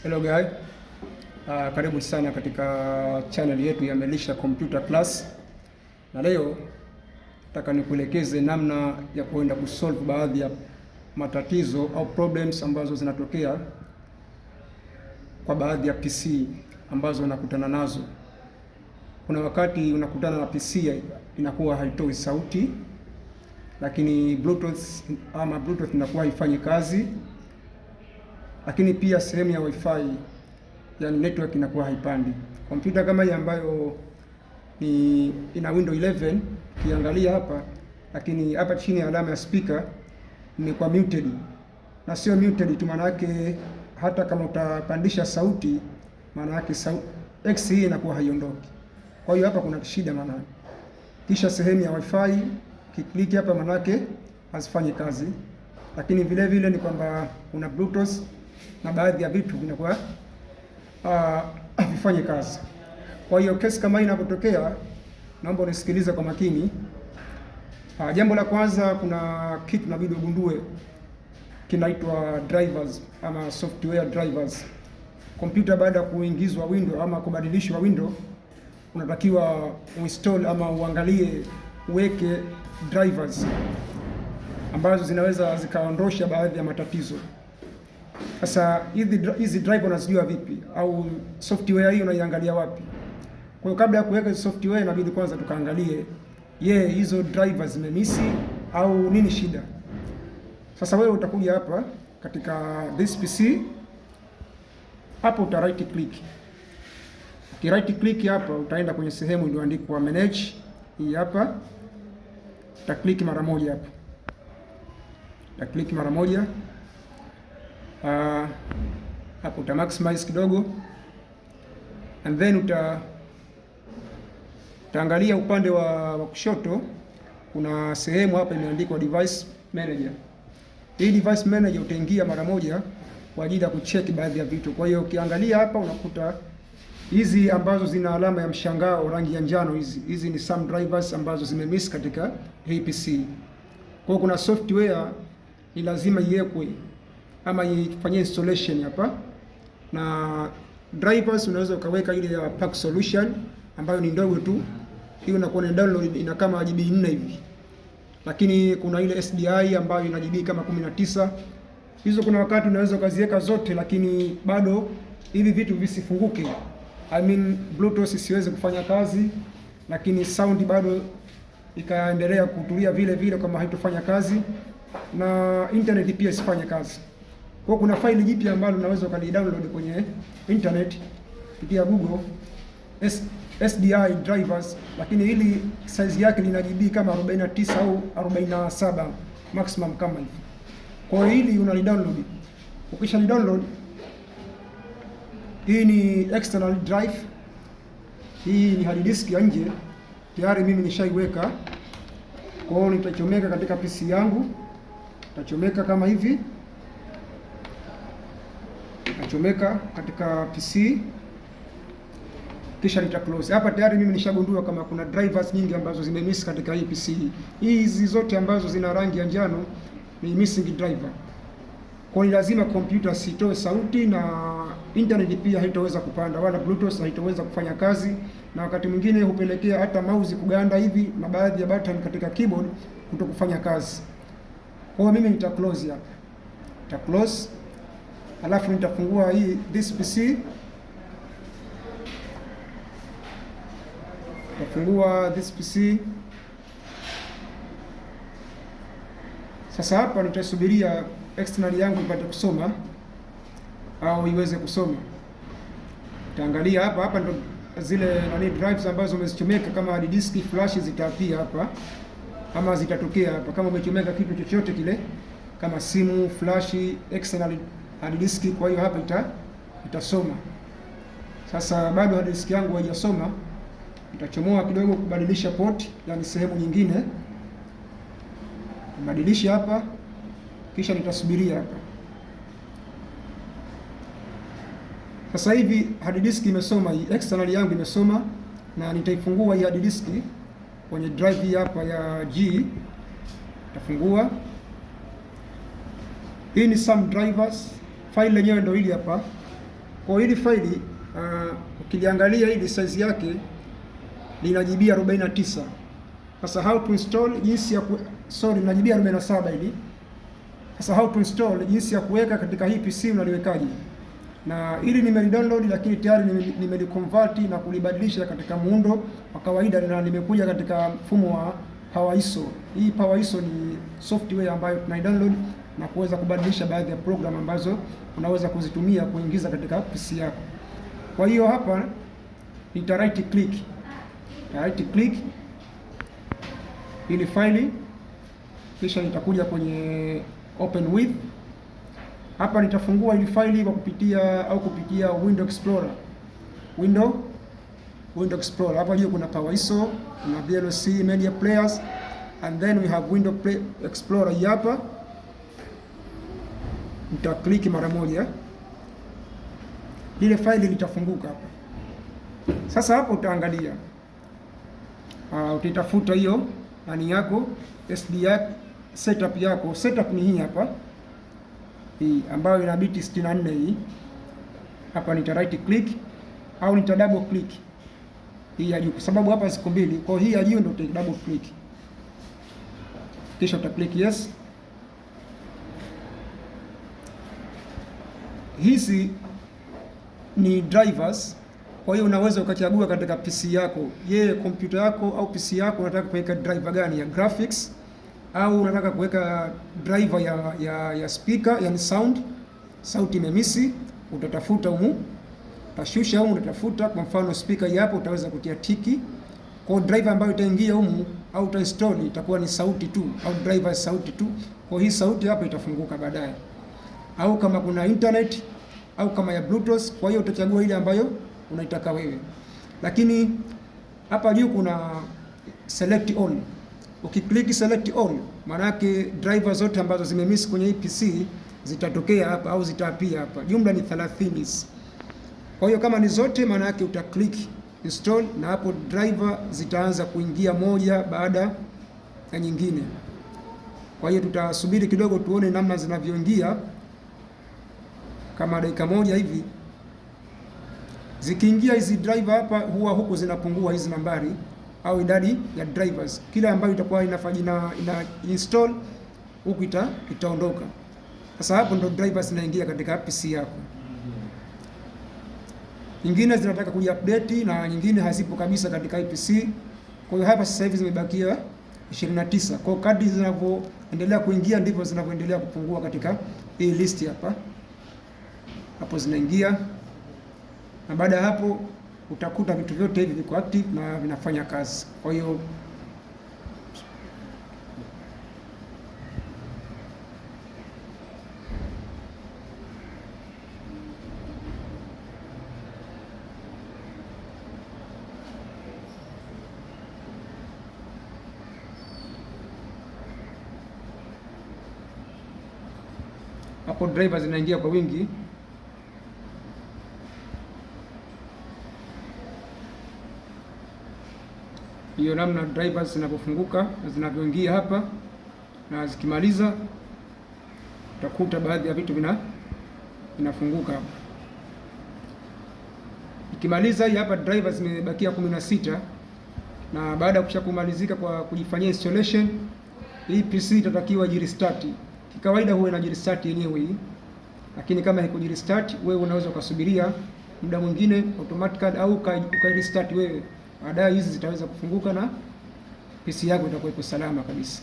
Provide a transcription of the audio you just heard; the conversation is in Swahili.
Hello guys. Uh, ah, karibu sana katika channel yetu ya Melisha Computer Class. Na leo nataka nikuelekeze namna ya kuenda kusolve baadhi ya matatizo au problems ambazo zinatokea kwa baadhi ya PC ambazo unakutana nazo. Kuna wakati unakutana na PC inakuwa haitoi sauti, lakini Bluetooth ama Bluetooth inakuwa haifanyi kazi lakini pia sehemu ya wifi, yani network inakuwa haipandi. Kompyuta kama hii ambayo ni ina Windows 11 ukiangalia hapa, lakini hapa chini ya alama ya speaker ni kwa muted, na sio muted tu, maana yake hata kama utapandisha sauti, maana yake sauti X hii inakuwa haiondoki. Kwa hiyo hapa kuna shida maana. Kisha sehemu ya wifi kikliki hapa, maana yake hazifanyi kazi, lakini vile vile ni kwamba kuna bluetooth na baadhi ya vitu vinakuwa ah, havifanye kazi. Kwa hiyo kesi kama hii inapotokea, naomba unisikilize kwa makini. Aa, ah, jambo la kwanza kuna kitu inabidi ugundue kinaitwa drivers ama software drivers. Kompyuta baada ya kuingizwa window ama kubadilishwa window, unatakiwa uinstall ama uangalie uweke drivers ambazo zinaweza zikaondosha baadhi ya matatizo. Sasa hizi drive unazijua vipi, au software hii unaiangalia wapi? Kwa hiyo kabla ya kuweka software inabidi kwanza tukaangalie, yeah, hizo driver zimemisi au nini shida? Sasa wewe utakuja hapa katika this PC hapo uta right click. Uki right click hapa utaenda kwenye sehemu iliyoandikwa manage, hii hapa uta click mara moja hapo, uta click mara moja uh, hapo uta maximize kidogo and then uta utaangalia upande wa, wa kushoto kuna sehemu hapa imeandikwa device manager. Hii device manager utaingia mara moja kwa ajili ya kucheki baadhi ya vitu. Kwa hiyo ukiangalia hapa unakuta hizi ambazo zina alama ya mshangao rangi ya njano, hizi hizi ni some drivers ambazo zimemiss katika hii PC. Kwa hiyo kuna software ni lazima iwekwe ama ifanyie installation hapa, na drivers unaweza ukaweka ile ya pack solution ambayo ni ndogo tu, hiyo unakuwa ni download ina kama GB 4 hivi, lakini kuna ile SDI ambayo ina GB kama 19. Hizo kuna wakati unaweza ukaziweka zote, lakini bado hivi vitu visifunguke. I mean Bluetooth siweze kufanya kazi, lakini sound bado ikaendelea kutulia vile vile kama haitofanya kazi na internet pia isifanye kazi. Kwa kuna faili jipya ambalo unaweza ukalidownload kwenye internet kupitia Google S SDI drivers, lakini hili size yake lina GB kama 49 au 47 maximum kama hivi. Kwa hiyo hili unalidownload. Ukisha download, hii ni external drive, hii ni hard disk ya nje. Tayari mimi nishaiweka, kwa hiyo nitachomeka katika PC yangu, nitachomeka kama hivi nachomeka katika PC kisha nita close hapa. Tayari mimi nishagundua kama kuna drivers nyingi ambazo zimemiss katika hii PC. Hizi zote ambazo zina rangi ya njano ni missing driver, kwa hiyo lazima kompyuta sitoe sauti na internet pia haitaweza kupanda wala bluetooth haitaweza kufanya kazi, na wakati mwingine hupelekea hata mouse kuganda hivi na baadhi ya button katika keyboard kutokufanya kazi. Kwa hiyo mimi nita close hapa, nita close alafu nitafungua hii this PC, nitafungua this PC. Sasa hapa nitasubiria external yangu ipate kusoma au iweze kusoma. Nitaangalia hapa hapa ndo zile nani drives ambazo umezichomeka kama hard disk, flash zitapia hapa ama zitatokea hapa, kama umechomeka kitu chochote kile kama simu, flash, external hard disk, kwa hiyo hapa ita itasoma. Sasa bado hard disk yangu haijasoma, nitachomoa kidogo kubadilisha port, yani sehemu nyingine nibadilishe hapa, kisha nitasubiria hapa. Sasa hivi hard disk imesoma, hii external yangu imesoma, na nitaifungua hii hard disk kwenye drive hii hapa ya G. Nitafungua hii ni some drivers Faili lenyewe ndio hili hapa. Kwa hili faili uh, ah, ukiliangalia hili size yake lina GB 49. Sasa how to install jinsi ya ku... sorry lina GB 47 hili. Sasa how to install jinsi ya kuweka katika hii PC unaliwekaje? Na hili nimelidownload lakini tayari nimeliconvert na kulibadilisha katika muundo wa kawaida na nimekuja katika mfumo wa PowerISO. Hii PowerISO ni software ambayo tunaidownload na kuweza kubadilisha baadhi ya program ambazo unaweza kuzitumia kuingiza katika PC yako. Kwa hiyo hapa nita right click. right click ili faili, kisha nitakuja kwenye open with. Hapa nitafungua ili faili kwa kupitia au kupitia Windows Explorer. Window Window Explorer. Hapa hiyo kuna Power ISO, kuna VLC media players and then we have Window Play Explorer hapa click mara moja, lile faili litafunguka hapa. Sasa hapo utaangalia uh, utaitafuta hiyo nani yako SD yako setup yako. Setup ni hii hapa, hii ambayo ina biti 64 hii hapa. Nita right click au nita double click hii ya juu, kwa sababu hapa siku mbili. Kwa hiyo hii ya juu ndio uta double click, kisha uta click yes. hizi ni drivers. Kwa hiyo unaweza ukachagua katika PC yako, je, kompyuta yako au PC yako unataka kuweka driver gani ya graphics au unataka kuweka driver ya, ya, ya speaker yani sound, sauti imemisi, utatafuta humu utashusha humu, utatafuta kwa mfano speaker yapo, utaweza kutia tiki kwa driver ambayo itaingia humu au utainstall itakuwa ni sauti tu au driver sauti tu. Kwa hii sauti hapa itafunguka baadaye au kama kuna internet au kama ya Bluetooth. Kwa hiyo utachagua ile ambayo unaitaka wewe, lakini hapa juu kuna select all. Ukiklik select all, maana yake driver zote ambazo zimemiss kwenye hii PC zitatokea hapa au zitaapia hapa. Jumla ni 30. Kwa hiyo kama ni zote, maana yake uta install, na hapo driver zitaanza kuingia moja baada ya nyingine. Kwa hiyo tutasubiri kidogo tuone namna zinavyoingia kama dakika moja hivi. Zikiingia hizi driver hapa, huwa huko zinapungua hizi nambari au idadi ya drivers, kila ambayo itakuwa inafanya ina, ina install huku ita, itaondoka. Sasa hapo ndo drivers zinaingia katika PC yako. Nyingine zinataka kuja update na nyingine hazipo kabisa katika PC. Kwa hiyo hapa sasa hivi zimebakia 29. Kwa hiyo kadri zinavyoendelea kuingia ndivyo zinavyoendelea kupungua katika hii list hapa hapo zinaingia, na baada ya hapo utakuta vitu vyote hivi viko active na vinafanya kazi. Kwa hiyo hapo driver zinaingia kwa wingi. hiyo namna drivers zinapofunguka na zinavyoingia hapa na zikimaliza, utakuta baadhi ya vitu vina vinafunguka hapa. Ikimaliza hii hapa drivers zimebakia 16 na baada ya kusha kumalizika kwa kujifanyia installation hii PC itatakiwa jirestart. Kikawaida huwa inajirestart yenyewe hii, lakini kama haikujirestart, wewe unaweza ukasubiria muda mwingine automatically au ukairestart wewe. Baadaye hizi zitaweza kufunguka na PC yako itakuwa iko salama kabisa.